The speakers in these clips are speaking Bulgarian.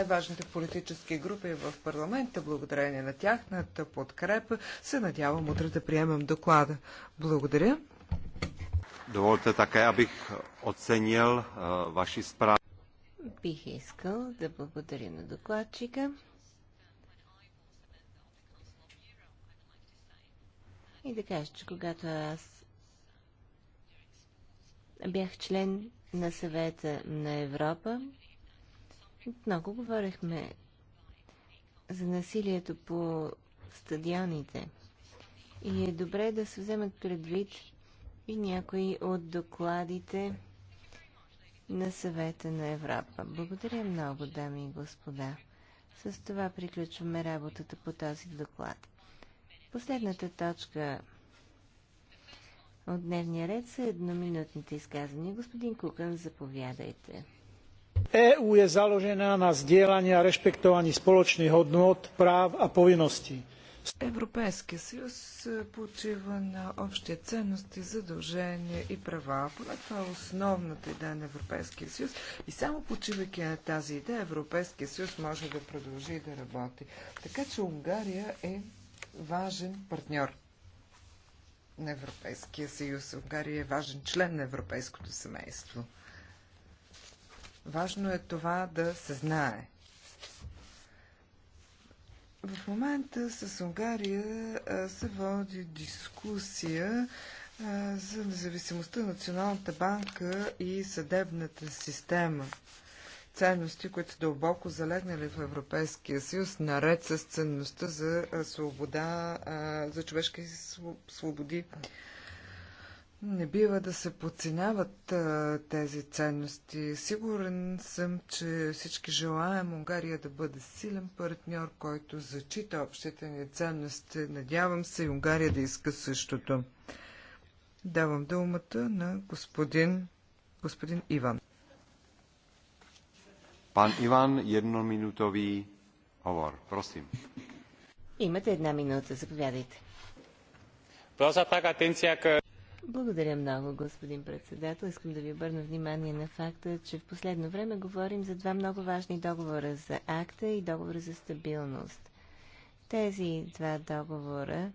най-важните политически групи в парламента. Благодарение на тяхната подкрепа се надявам утре да приемам доклада. Благодаря. Доволте така, абих оценил ваши справи. Бих искал да благодаря на докладчика. И да кажа, че когато аз бях член на съвета на Европа, много говорихме за насилието по стадионите. И е добре да се вземат предвид и някои от докладите на съвета на Европа. Благодаря много, дами и господа. С това приключваме работата по този доклад. Последната точка от дневния ред са едноминутните изказвания. Господин Кукън, заповядайте eú je založená na sdieľaní a rešpektovaní spoločných hodnôt práv a повереностей. Европейския съюз е, почива на общи ценности, задължения и права. Поне това е основната идея на Европейския съюз. И само почивайки на тази идея, Европейския съюз може да продължи да работи. Така че Унгария е важен партньор на Европейския съюз. Унгария е важен член на европейското семейство. Важно е това да се знае. В момента с Унгария се води дискусия за независимостта на Националната банка и съдебната система. Ценности, които дълбоко залегнали в Европейския съюз, наред с ценността за свобода, за човешки свободи. Не бива да се подценяват тези ценности. Сигурен съм, че всички желаем Унгария да бъде силен партньор, който зачита общите ни ценности. Надявам се и Унгария да иска същото. Давам думата на господин, господин Иван. Пан Иван, едноминутови овор. Просим. Имате една минута, заповядайте. Просто така, атенция, благодаря много, господин председател. Искам да ви обърна внимание на факта, че в последно време говорим за два много важни договора за акта и договора за стабилност. Тези два договора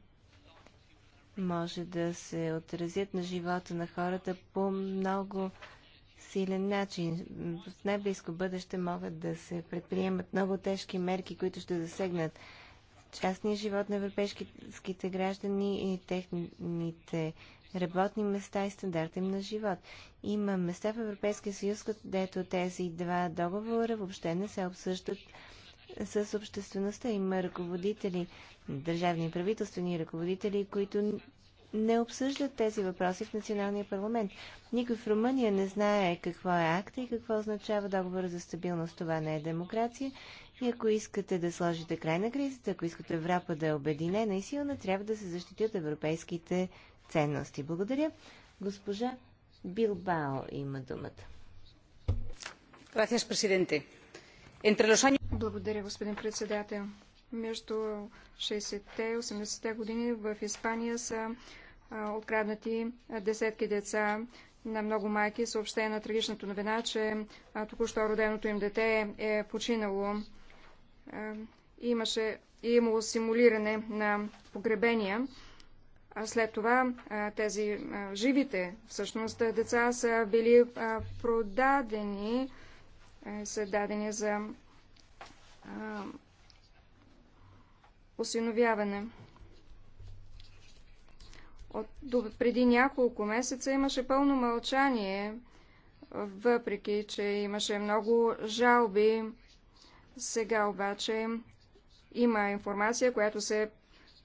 може да се отразят на живота на хората по много силен начин. В най-близко бъдеще могат да се предприемат много тежки мерки, които ще засегнат частния живот на европейските граждани и техните работни места и стандарта им на живот. Има места в Европейския съюз, където тези два договора въобще не се обсъждат с обществеността. Има ръководители, държавни и правителствени ръководители, които не обсъждат тези въпроси в националния парламент. Никой в Румъния не знае какво е акта и какво означава договора за стабилност. Това не е демокрация и ако искате да сложите край на кризата, ако искате Европа да е обединена и силна, трябва да се защитят европейските ценности. Благодаря. Госпожа Билбао има думата. Благодаря, господин председател. Между 60-те и 80-те години в Испания са откраднати десетки деца на много майки. Съобщена трагичната новина, че току-що роденото им дете е починало имаше, и имало симулиране на погребения. А след това тези живите, всъщност деца са били продадени, са дадени за осиновяване. От, до, преди няколко месеца имаше пълно мълчание, въпреки че имаше много жалби сега обаче има информация, която се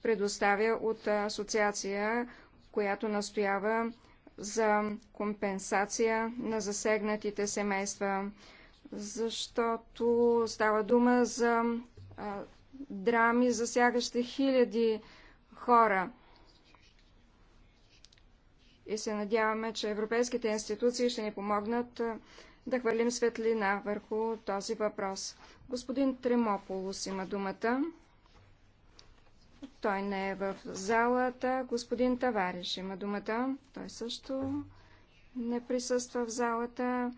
предоставя от асоциация, която настоява за компенсация на засегнатите семейства, защото става дума за а, драми, засягащи хиляди хора. И се надяваме, че европейските институции ще ни помогнат да хвърлим светлина върху този въпрос. Господин Тремополос има думата. Той не е в залата. Господин Тавариш има думата. Той също не присъства в залата.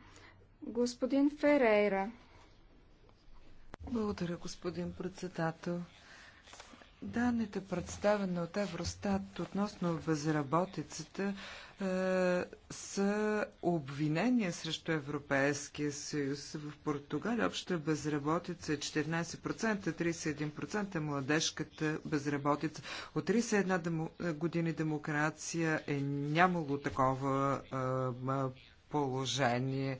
Господин Ферейра. Благодаря, господин председател. Данните, представени от Евростат относно безработицата, е, са обвинения срещу Европейския съюз. В Португалия обща безработица е 14%, 31% е младежката безработица. От 31 демо, е, години демокрация е нямало такова е, положение. Е,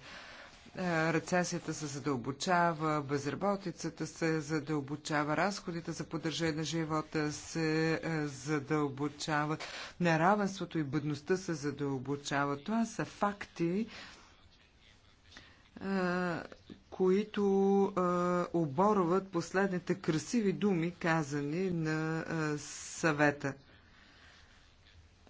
е, рецесията се задълбочава, безработицата се задълбочава, разходите за поддържане на живота се е, задълбочават, неравенството и бедността се задълбочават. Това са факти, е, които оборват последните красиви думи, казани на съвета.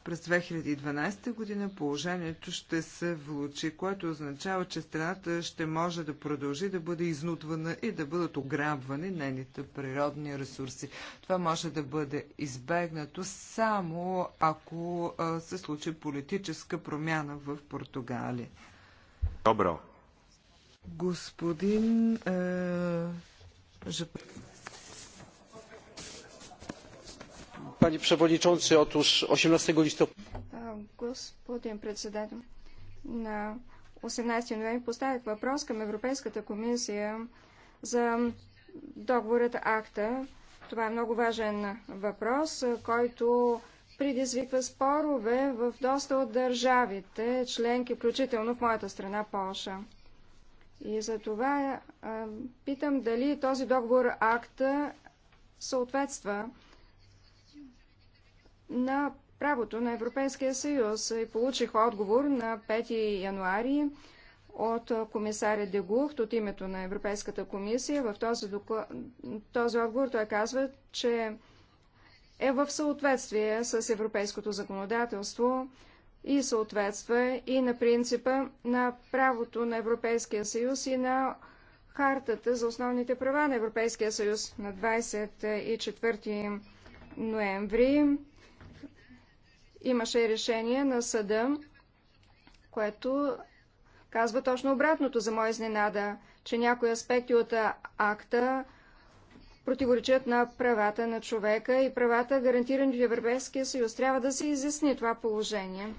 През 2012 година положението ще се влучи, което означава, че страната ще може да продължи да бъде изнудвана и да бъдат ограбвани нейните природни ресурси. Това може да бъде избегнато само ако се случи политическа промяна в Португалия. Добро. Господин е, panie przewodniczący! otóż osiemnaście listopada господин председател. На 18 ноември поставих въпрос към Европейската комисия за договорът АКТА. Това е много важен въпрос, който предизвиква спорове в доста от държавите, членки, включително в моята страна Полша. И за това питам дали този договор акта съответства на правото на Европейския съюз и получих отговор на 5 януари от комисаря Дегухт от името на Европейската комисия. В този, доклад, този отговор той казва, че е в съответствие с европейското законодателство и съответства и на принципа на правото на Европейския съюз и на Хартата за основните права на Европейския съюз на 24 ноември Имаше решение на съда, което казва точно обратното за моя изненада, че някои аспекти от акта противоречат на правата на човека и правата, гарантирани в Европейския съюз. Трябва да се изясни това положение.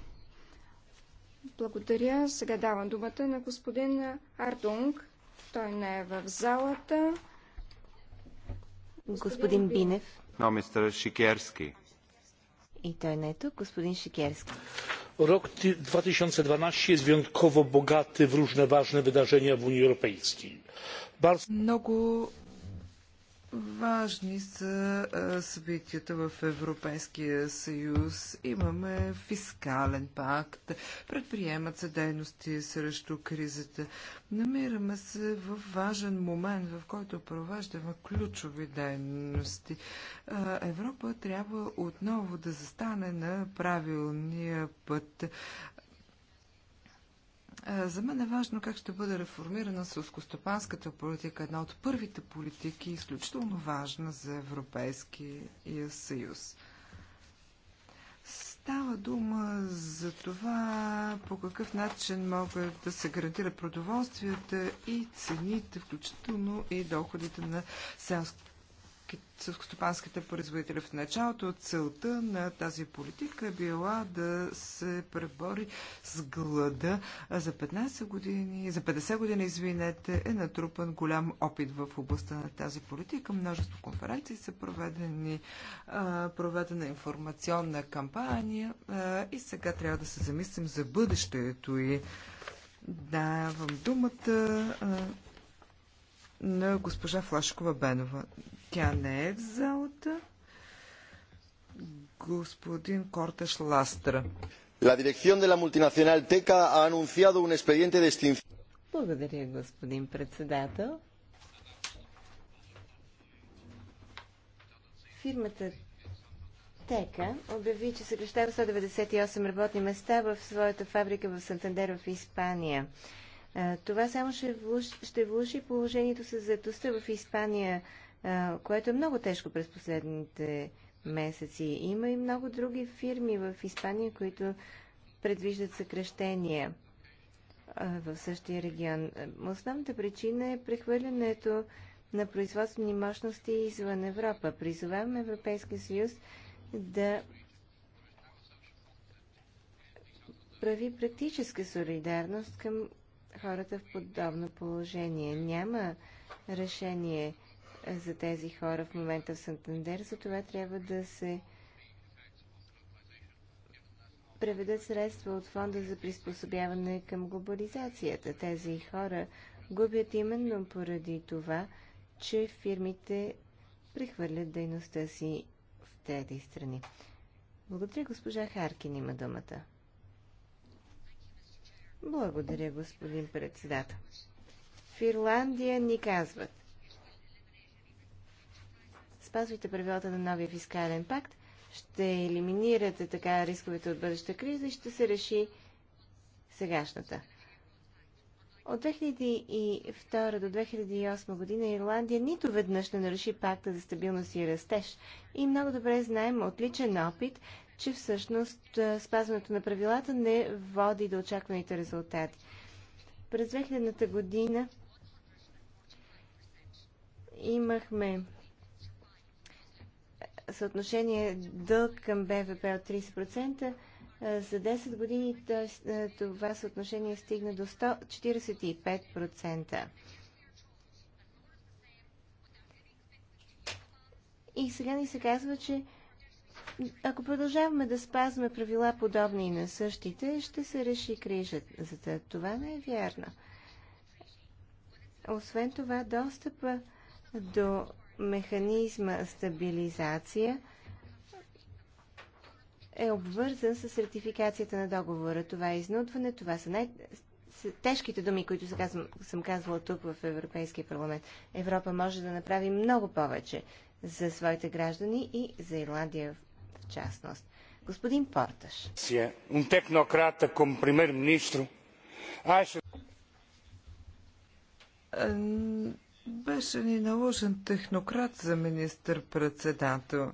Благодаря. Сега давам думата на господин Артунг. Той не е в залата. Господин, господин Бинев. Но, мистер Шикерски internetu. той не е тук, господин Шикерски. Rok 2012 jest wyjątkowo bogaty w różne ważne wydarzenia w Unii Europejskiej. Bardzo... Много Важни са събитията в Европейския съюз. Имаме фискален пакт, предприемат се дейности срещу кризата. Намираме се в важен момент, в който провеждаме ключови дейности. Европа трябва отново да застане на правилния път. За мен е важно как ще бъде реформирана сълскостопанската политика, една от първите политики, изключително важна за Европейския съюз. Става дума за това по какъв начин могат да се гарантират продоволствията и цените, включително и доходите на селските селскостопанските производители в началото. Целта на тази политика е била да се пребори с глада. За 15 години, за 50 години, извинете, е натрупан голям опит в областта на тази политика. Множество конференции са проведени, проведена информационна кампания и сега трябва да се замислим за бъдещето и давам думата на госпожа Флашкова Бенова. Тя не е в залата. Господин Кортеш Ластра. La dirección de la multinacional TECA ha anunciado un expediente de extinción. Благодаря, господин председател. Фирмата Тека обяви, че съкрещава 198 работни места в своята фабрика в Сантандер в Испания. Е, това само ще влуши, ще влуши положението с заедостта в Испания, е, което е много тежко през последните месеци. Има и много други фирми в Испания, които предвиждат съкрещения е, в същия регион. Основната причина е прехвърлянето на производствени мощности извън Европа. Призоваваме Европейския съюз да прави практическа солидарност към хората в подобно положение. Няма решение за тези хора в момента в Сантандер, за това трябва да се преведат средства от фонда за приспособяване към глобализацията. Тези хора губят именно поради това, че фирмите прехвърлят дейността си в тези страни. Благодаря, госпожа Харкин има думата. Благодаря, господин председател. В Ирландия ни казват спазвайте правилата на новия фискален пакт, ще елиминирате така рисковете от бъдеща криза и ще се реши сегашната. От 2002 до 2008 година Ирландия нито веднъж не наруши пакта за стабилност и растеж. И много добре знаем от личен опит, че всъщност спазването на правилата не води до очакваните резултати. През 2000-та година имахме съотношение дълг към БВП от 30%. За 10 години това съотношение стигна до 145%. И сега ни се казва, че ако продължаваме да спазваме правила подобни на същите, ще се реши крижата. Това не е вярно. Освен това, достъпа до механизма стабилизация е обвързан с ратификацията на договора. Това е изнудване, това са най- тежките думи, които съм, съм казвала тук в Европейския парламент. Европа може да направи много повече за своите граждани и за Ирландия частност. Господин Порташ. Е, беше ни наложен технократ за министър-председател.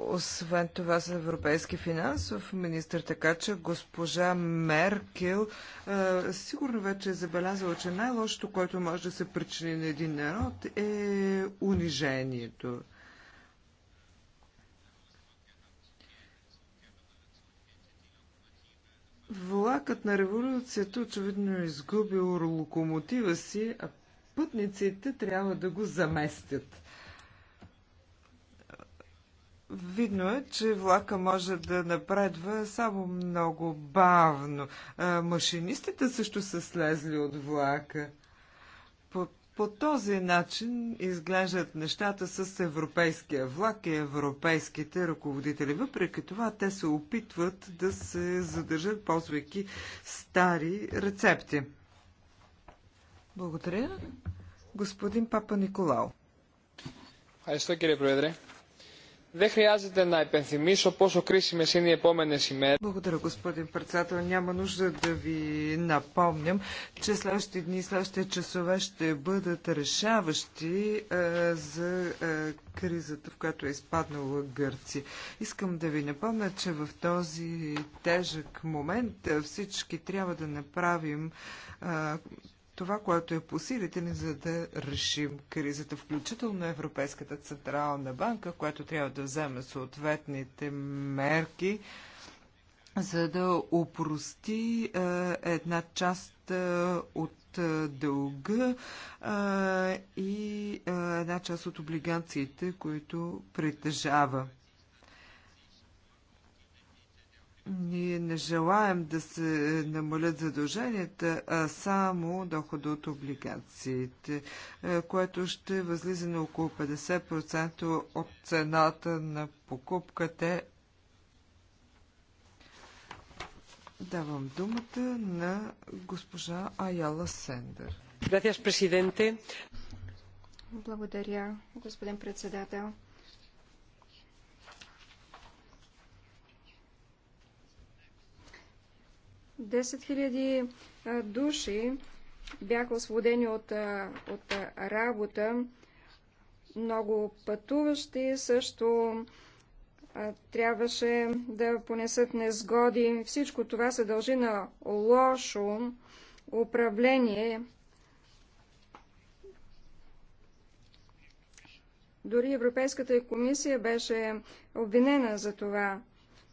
Освен това за европейски финансов министр, така че госпожа Меркел е, сигурно вече е забелязала, че най-лошото, което може да се причини на един народ е унижението. Влакът на революцията очевидно е изгубил локомотива си, а пътниците трябва да го заместят. Видно е, че влака може да напредва само много бавно. А, машинистите също са слезли от влака. По, по този начин изглеждат нещата с европейския влак и европейските ръководители. Въпреки това, те се опитват да се задържат, ползвайки стари рецепти. Благодаря. Господин Папа Николао. Хайсто, кире проведре. Δεν χρειάζεται να υπενθυμίσω πόσο κρίσιμε είναι οι επόμενε ημέρε. Благодаря, господин председател. Няма нужда да ви напомням, че следващите дни, следващите часове ще бъдат решаващи е, за е, кризата, в която е изпаднала Гърция. Искам да ви напомня, че в този тежък момент е, всички трябва да направим това, което е по силите ни, за да решим кризата, включително Европейската Централна банка, която трябва да вземе съответните мерки, за да опрости е, една част е, от е, дълга е, и е, една част от облигациите, които притежава. Ние не желаем да се намалят задълженията, а само дохода от облигациите, е, което ще възлиза на около 50% от цената на покупката. Давам думата на госпожа Аяла Сендер. Благодаря, господин председател. 10 000 души бяха освободени от, от работа. Много пътуващи също трябваше да понесат незгоди. Всичко това се дължи на лошо управление. Дори Европейската комисия беше обвинена за това.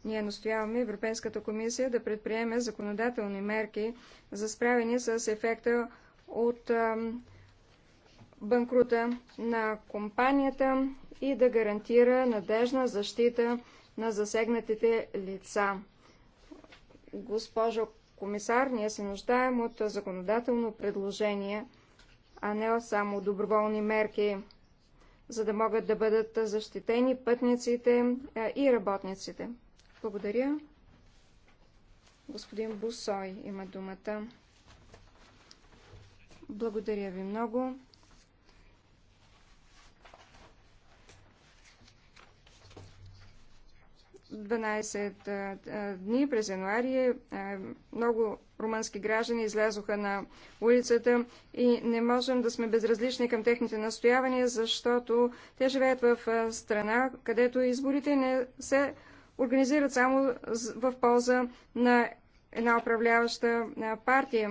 Ние настояваме Европейската комисия да предприеме законодателни мерки за справяне с ефекта от банкрута на компанията и да гарантира надежна защита на засегнатите лица. Госпожо комисар, ние се нуждаем от законодателно предложение, а не само доброволни мерки, за да могат да бъдат защитени пътниците и работниците. Благодаря. Господин Бусой има думата. Благодаря ви много. 12 дни през януари много румънски граждани излязоха на улицата и не можем да сме безразлични към техните настоявания, защото те живеят в страна, където изборите не се организират само в полза на една управляваща партия.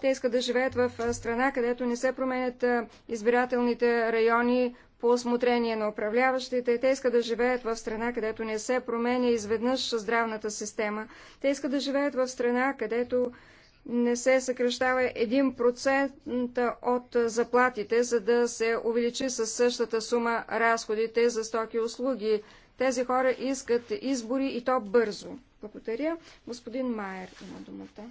Те искат да живеят в страна, където не се променят избирателните райони по осмотрение на управляващите. Те искат да живеят в страна, където не се променя изведнъж здравната система. Те искат да живеят в страна, където не се съкрещава 1% от заплатите, за да се увеличи със същата сума разходите за стоки и услуги. Тези хора искат избори и то бързо. Благодаря. Господин Майер има думата.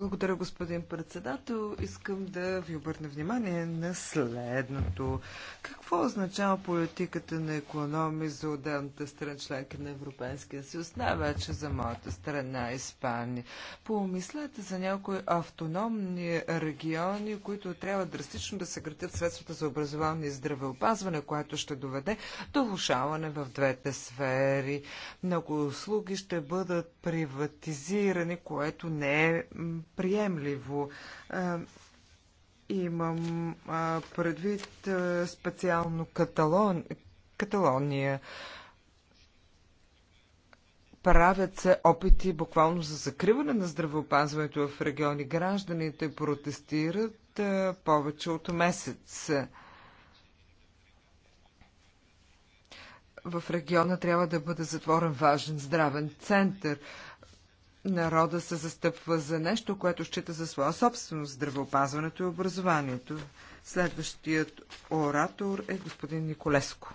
Благодаря, господин председател. Искам да ви обърна внимание на следното. Какво означава политиката на економи за отделната страна членка на Европейския съюз, най-вече за моята страна Испания? Помислете за някои автономни региони, които трябва драстично да съкратят средствата за образование и здравеопазване, което ще доведе до влушаване в двете сфери. Много услуги ще бъдат приватизирани, което не е приемливо. Е, имам предвид специално Каталон, Каталония. Правят се опити буквално за закриване на здравеопазването в региони. Гражданите протестират повече от месец. В региона трябва да бъде затворен важен здравен център народа се застъпва за нещо, което счита за своя собственост здравеопазването и образованието. Следващият оратор е господин Николеско.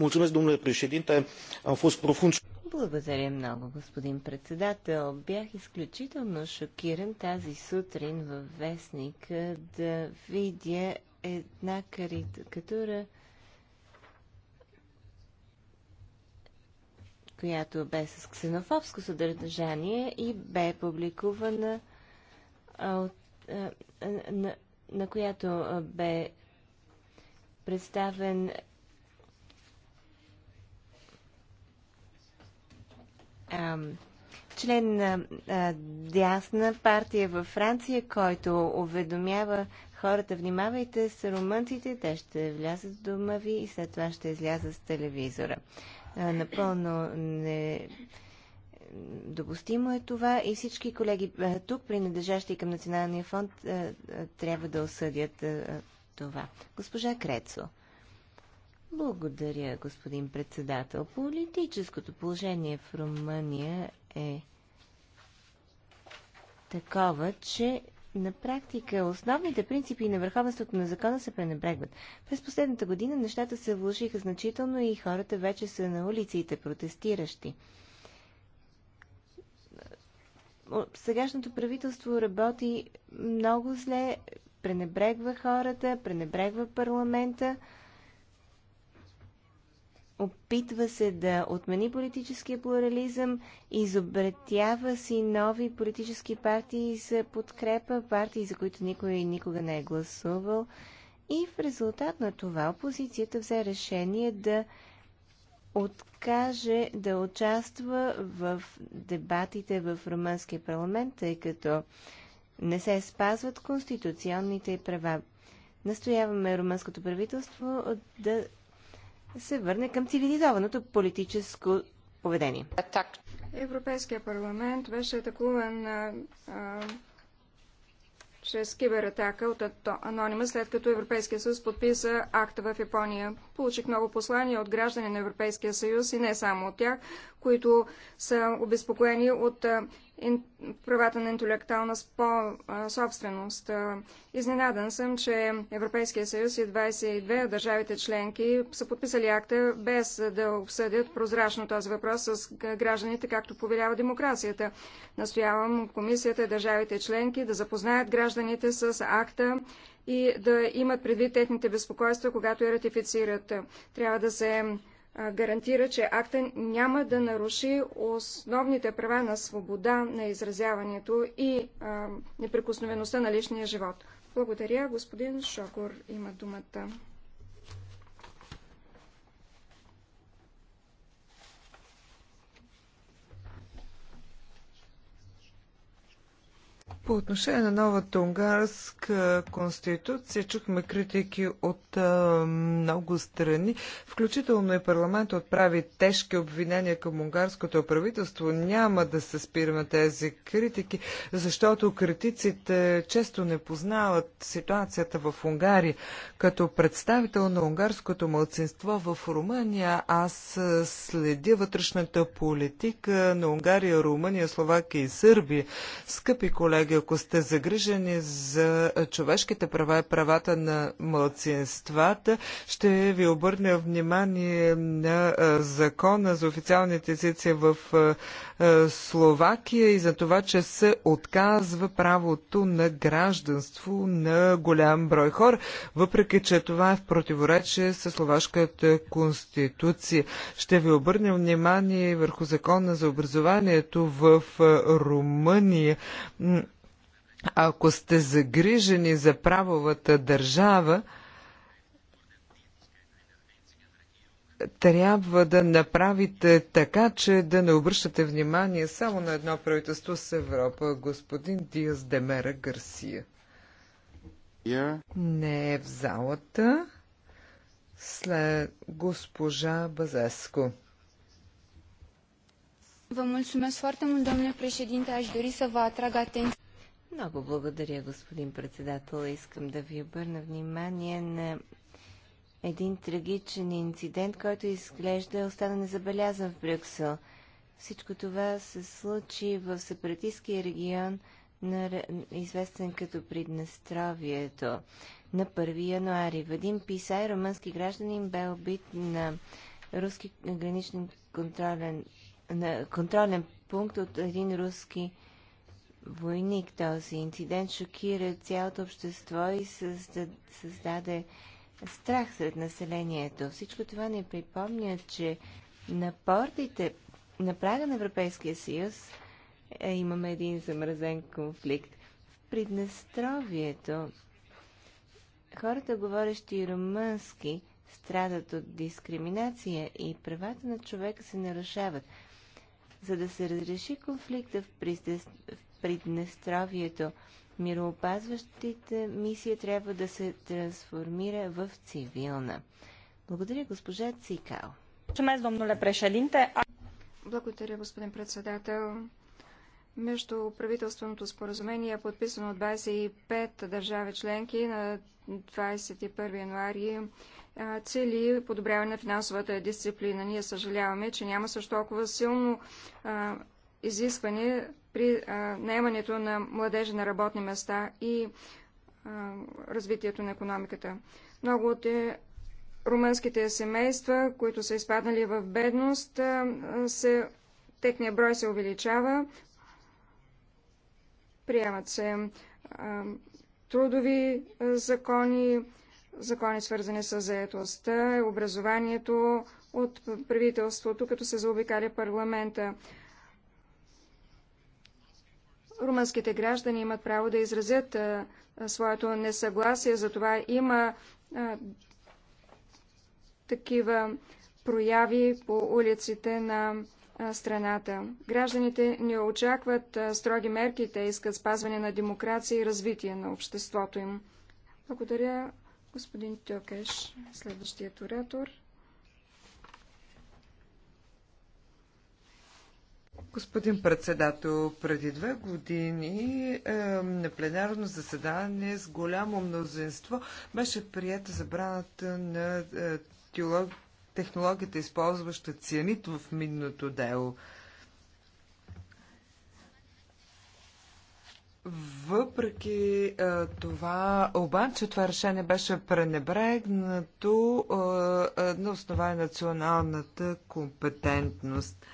Mulțumesc, domnule președinte. Am fost profund... Благодаря много, господин председател. Бях изключително шокиран тази сутрин във вестник да видя една карикатура която бе с ксенофобско съдържание и бе публикувана от, на, на която бе представен ам, член на дясна партия във Франция, който уведомява хората, внимавайте с романците, те ще влязат в дома ви и след това ще излязат с телевизора. А, напълно не допустимо е това и всички колеги тук, принадлежащи към Националния фонд, трябва да осъдят това. Госпожа Крецо. Благодаря, господин председател. Политическото положение в Румъния е такова, че на практика основните принципи на върховенството на закона се пренебрегват. През последната година нещата се влушиха значително и хората вече са на улиците протестиращи. Сегашното правителство работи много зле, пренебрегва хората, пренебрегва парламента опитва се да отмени политическия плурализъм, изобретява си нови политически партии за подкрепа, партии, за които никой никога не е гласувал. И в резултат на това опозицията взе решение да откаже да участва в дебатите в румънския парламент, тъй като не се спазват конституционните права. Настояваме румънското правителство да се върне към цивилизованото политическо поведение. Европейския парламент беше атакуван а, а, чрез кибератака от анонима, след като Европейския съюз подписа акта в Япония. Получих много послания от граждани на Европейския съюз и не само от тях, които са обезпокоени от правата на интелектуална собственост. Изненадан съм, че Европейския съюз и 22 държавите членки са подписали акта без да обсъдят прозрачно този въпрос с гражданите, както повелява демокрацията. Настоявам комисията и държавите членки да запознаят гражданите с акта и да имат предвид техните безпокойства, когато я ратифицират. Трябва да се гарантира, че акта няма да наруши основните права на свобода на изразяването и неприкосновеността на личния живот. Благодаря. Господин Шокор има думата. По отношение на новата унгарска конституция чухме критики от а, много страни, включително и парламент отправи тежки обвинения към унгарското правителство. Няма да се спираме тези критики, защото критиците често не познават ситуацията в Унгария. Като представител на унгарското мълцинство в Румъния, аз следя вътрешната политика на Унгария, Румъния, Словакия и Сърбия. Скъпи колеги, ако сте загрижени за човешките права и правата на младсинствата, ще ви обърна внимание на закона за официалните езици в Словакия и за това, че се отказва правото на гражданство на голям брой хора, въпреки че това е в противоречие с словашката конституция. Ще ви обърнем внимание върху закона за образованието в Румъния. Ако сте загрижени за правовата държава, трябва да направите така, че да не обръщате внимание само на едно правителство с Европа, господин Диас Демера Гарсия. Yeah. Не е в залата. След госпожа Базеско. Vă mulțumesc foarte mult, domnule președinte. Aș dori să vă atrag atenția. Много благодаря, господин председател. Искам да ви обърна внимание на един трагичен инцидент, който изглежда остана незабелязан в Брюксел. Всичко това се случи в сепаратистския регион, на, известен като Приднестровието. На 1 януари Вадим Писай, румънски гражданин, бе убит на руски граничен контролен, на контролен пункт от един руски войник. Този инцидент шокира цялото общество и създаде страх сред населението. Всичко това не припомня, че на портите на прага на Европейския съюз е, имаме един замразен конфликт. В Приднестровието хората, говорещи румънски, страдат от дискриминация и правата на човека се нарушават. За да се разреши конфликта в, Приднестровието, мироопазващите мисия трябва да се трансформира в цивилна. Благодаря, госпожа Цикал. Благодаря, господин председател. Между правителственото споразумение е подписано от 25 държави членки на 21 януари цели подобряване на финансовата дисциплина. Ние съжаляваме, че няма също толкова силно а, изискване при а, наемането на младежи на работни места и а, развитието на економиката. Много от е, румънските семейства, които са изпаднали в бедност, се, техния брой се увеличава. Приемат се трудови закони, закони, свързани с заедостта, образованието от правителството, като се заобикаля парламента. Румънските граждани имат право да изразят своето несъгласие, затова има а, такива прояви по улиците на страната. Гражданите не очакват строги мерки, те искат спазване на демокрация и развитие на обществото им. Благодаря. Господин Тюкеш, следващият оратор. Господин председател, преди две години е, на пленарно заседание с голямо мнозинство беше прията забраната на е, технологията, използваща цианит в минното дело. Е, Въпреки а, е, това, обаче, това решение беше пренебрегнато а, е, основа е, на основание националната компетентност.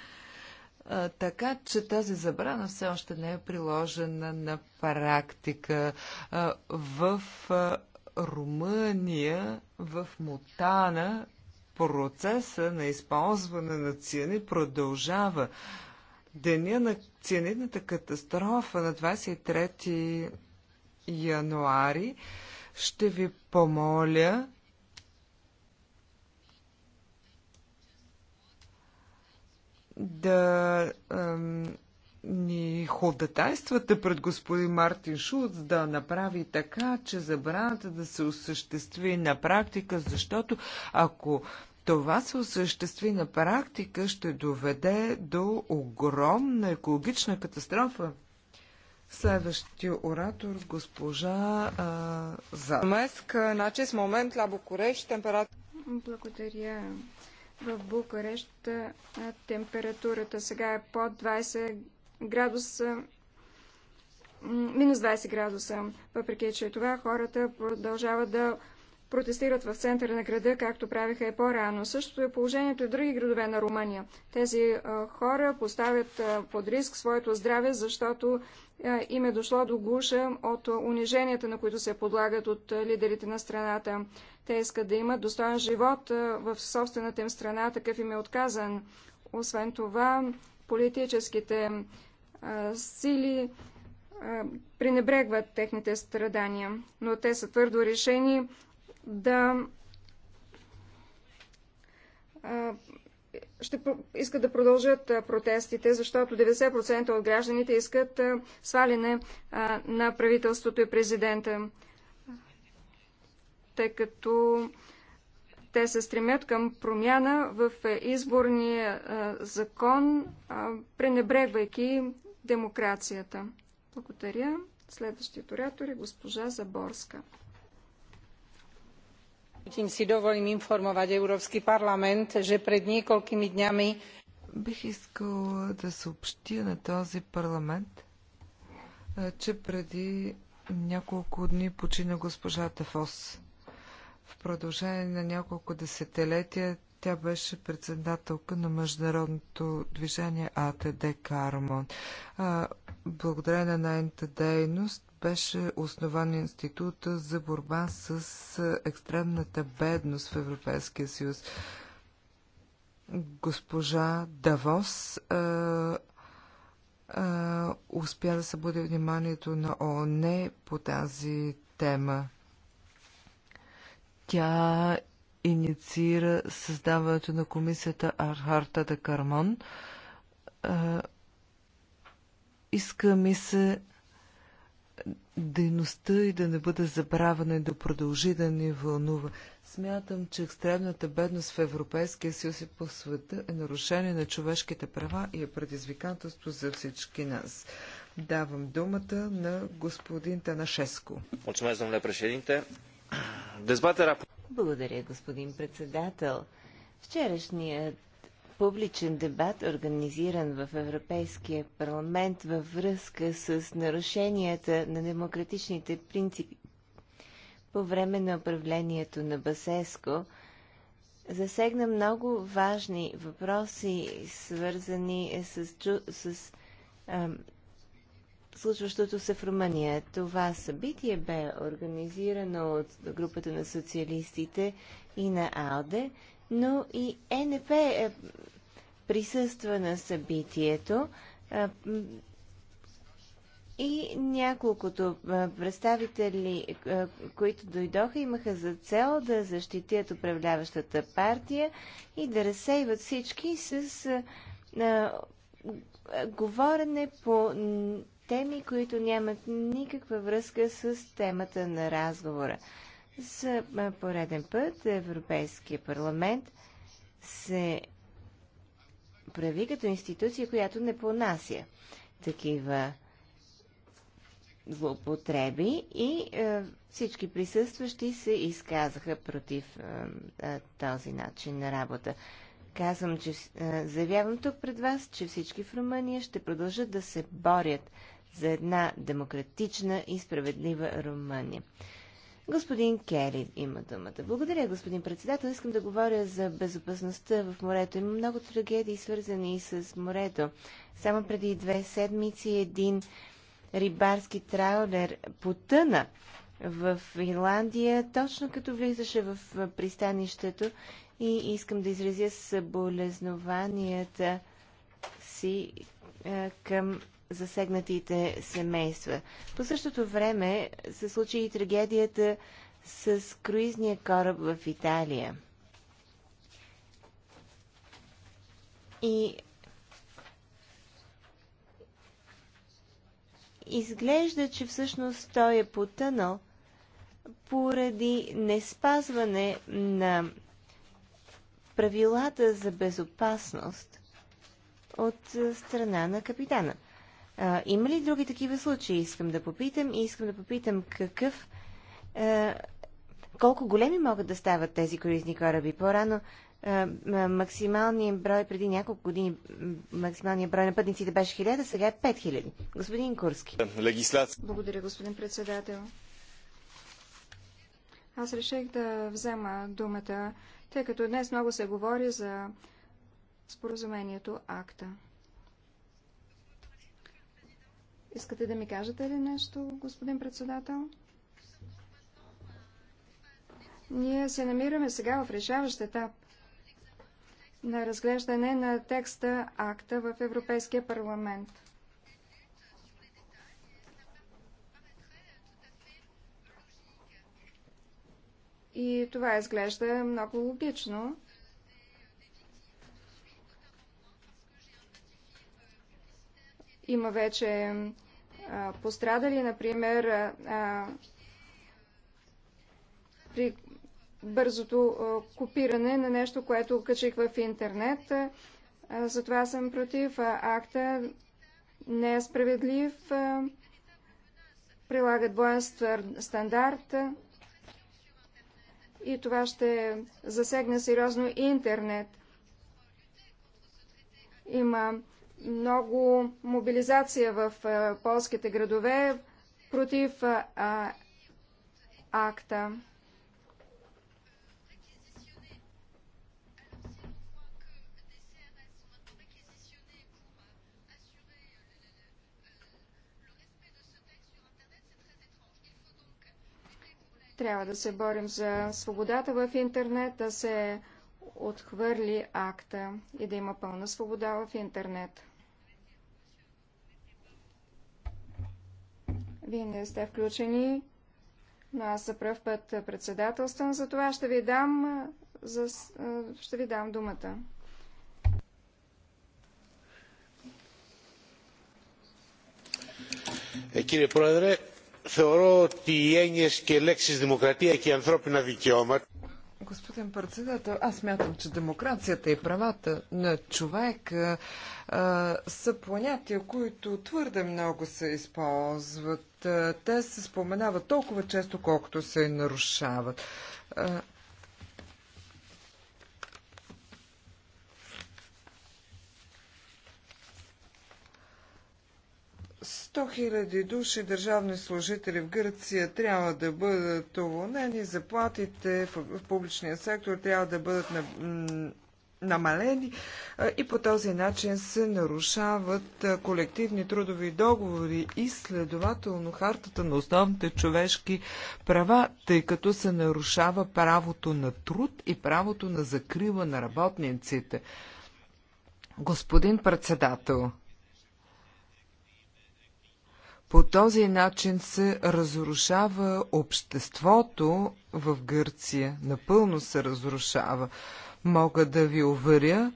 А, така че тази забрана все още не е приложена на практика. А, в а, Румъния, в Мутана, процеса на използване на цени продължава. Деня на цианидната е катастрофа на 23 януари, ще ви помоля да ем, ни ходатайствате пред господин Мартин Шулц да направи така, че забраната да се осъществи на практика, защото ако това се осъществи на практика, ще доведе до огромна екологична катастрофа. Следващия оратор, госпожа а, За. значи с момент ла Букурещ температура... Благодаря. В Букурещ температурата сега е под 20 градуса минус 20 градуса. Въпреки, че това хората продължават да протестират в центъра на града, както правиха и по-рано. Същото е положението и в други градове на Румъния. Тези а, хора поставят а, под риск своето здраве, защото а, им е дошло до гуша от униженията, на които се подлагат от лидерите на страната. Те искат да имат достоен живот в собствената им страна, такъв им е отказан. Освен това, политическите сили пренебрегват техните страдания, но те са твърдо решени да ще искат да продължат протестите, защото 90% от гражданите искат сваляне на правителството и президента, тъй като те се стремят към промяна в изборния закон, пренебрегвайки демокрацията. Благодаря. Следващият оратор е госпожа Заборска. Tým si dovolím informovať Európsky parlament, že pred niekoľkými dňami Бих искал да съобщя на този парламент, eh, че преди няколко дни почина госпожа Тефос. В продължение на няколко десетилетия тя беше председателка на международното движение АТД Кармон. Благодарение на нейната дейност беше основан института за борба с екстремната бедност в Европейския съюз. Госпожа Давос а, а, успя да събуди вниманието на ООН по тази тема. Тя инициира създаването на комисията Архарта де Кармон. А, иска ми се дейността и да не бъде забравена и да продължи да ни вълнува. Смятам, че екстремната бедност в Европейския съюз и по света е нарушение на човешките права и е предизвикателство за всички нас. Давам думата на господин Танашеско. Благодаря, господин председател. Вчерашният публичен дебат, организиран в Европейския парламент във връзка с нарушенията на демократичните принципи по време на управлението на Басеско, засегна много важни въпроси, свързани с, с ам, случващото се в Румъния. Това събитие бе организирано от групата на социалистите и на АЛДЕ но и НП е, присъства на събитието и няколкото представители, които дойдоха, имаха за цел да защитят управляващата партия и да разсейват всички с говорене по теми, които нямат никаква връзка с темата на разговора. За пореден път Европейския парламент се прояви като институция, която не понася такива злоупотреби и е, всички присъстващи се изказаха против е, този начин на работа. Казвам, че е, заявявам тук пред вас, че всички в Румъния ще продължат да се борят за една демократична и справедлива Румъния. Господин Кери има думата. Благодаря, господин председател. Искам да говоря за безопасността в морето. Има много трагедии, свързани с морето. Само преди две седмици един рибарски траулер потъна в Ирландия, точно като влизаше в пристанището и искам да изразя съболезнованията си към засегнатите семейства. По същото време се случи и трагедията с круизния кораб в Италия. И изглежда, че всъщност той е потънал поради неспазване на правилата за безопасност от страна на капитана. А, има ли други такива случаи? Искам да попитам и искам да попитам какъв. А, колко големи могат да стават тези круизни кораби? По-рано максималният брой преди няколко години, максималният брой на пътниците беше 1000, сега е 5000. Господин Курски. Легислация. Благодаря, господин председател. Аз реших да взема думата, тъй като днес много се говори за споразумението АКТА. Искате да ми кажете ли нещо, господин председател? Ние се намираме сега в решаващ етап на разглеждане на текста акта в Европейския парламент. И това изглежда много логично. Има вече пострадали, например, при бързото копиране на нещо, което качих в интернет. Затова съм против. Акта не е справедлив. Прилагат двоен стандарт. И това ще засегне сериозно интернет. Има много мобилизация в е, полските градове против е, акта. Трябва да се борим за свободата в интернет, да се отхвърли акта и да има пълна свобода в интернет. Вие не сте включени, но аз за пръв път председателствам, за това ще ви дам, за, ще ви дам думата. Κύριε е, Πρόεδρε, θεωρώ ότι οι έννοιες και λέξεις δημοκρατία και ανθρώπινα δικαιώματα Господин председател, аз мятам, че демокрацията и правата на човека а, са понятия, които твърде много се използват. Те се споменават толкова често, колкото се нарушават. А, 100 000 души държавни служители в Гърция трябва да бъдат уволнени, заплатите в публичния сектор трябва да бъдат намалени и по този начин се нарушават колективни трудови договори и следователно хартата на основните човешки права, тъй като се нарушава правото на труд и правото на закрива на работниците. Господин председател, по този начин се разрушава обществото в Гърция. Напълно се разрушава. Мога да ви уверя,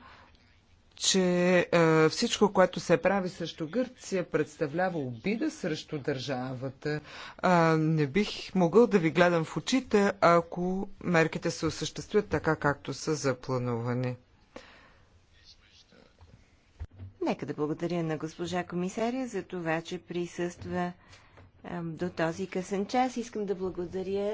че е, всичко, което се прави срещу Гърция, представлява обида срещу държавата. Е, не бих могъл да ви гледам в очите, ако мерките се осъществят така, както са заплановани. Нека да благодаря на госпожа комисаря за това, че присъства до този късен час. Искам да благодаря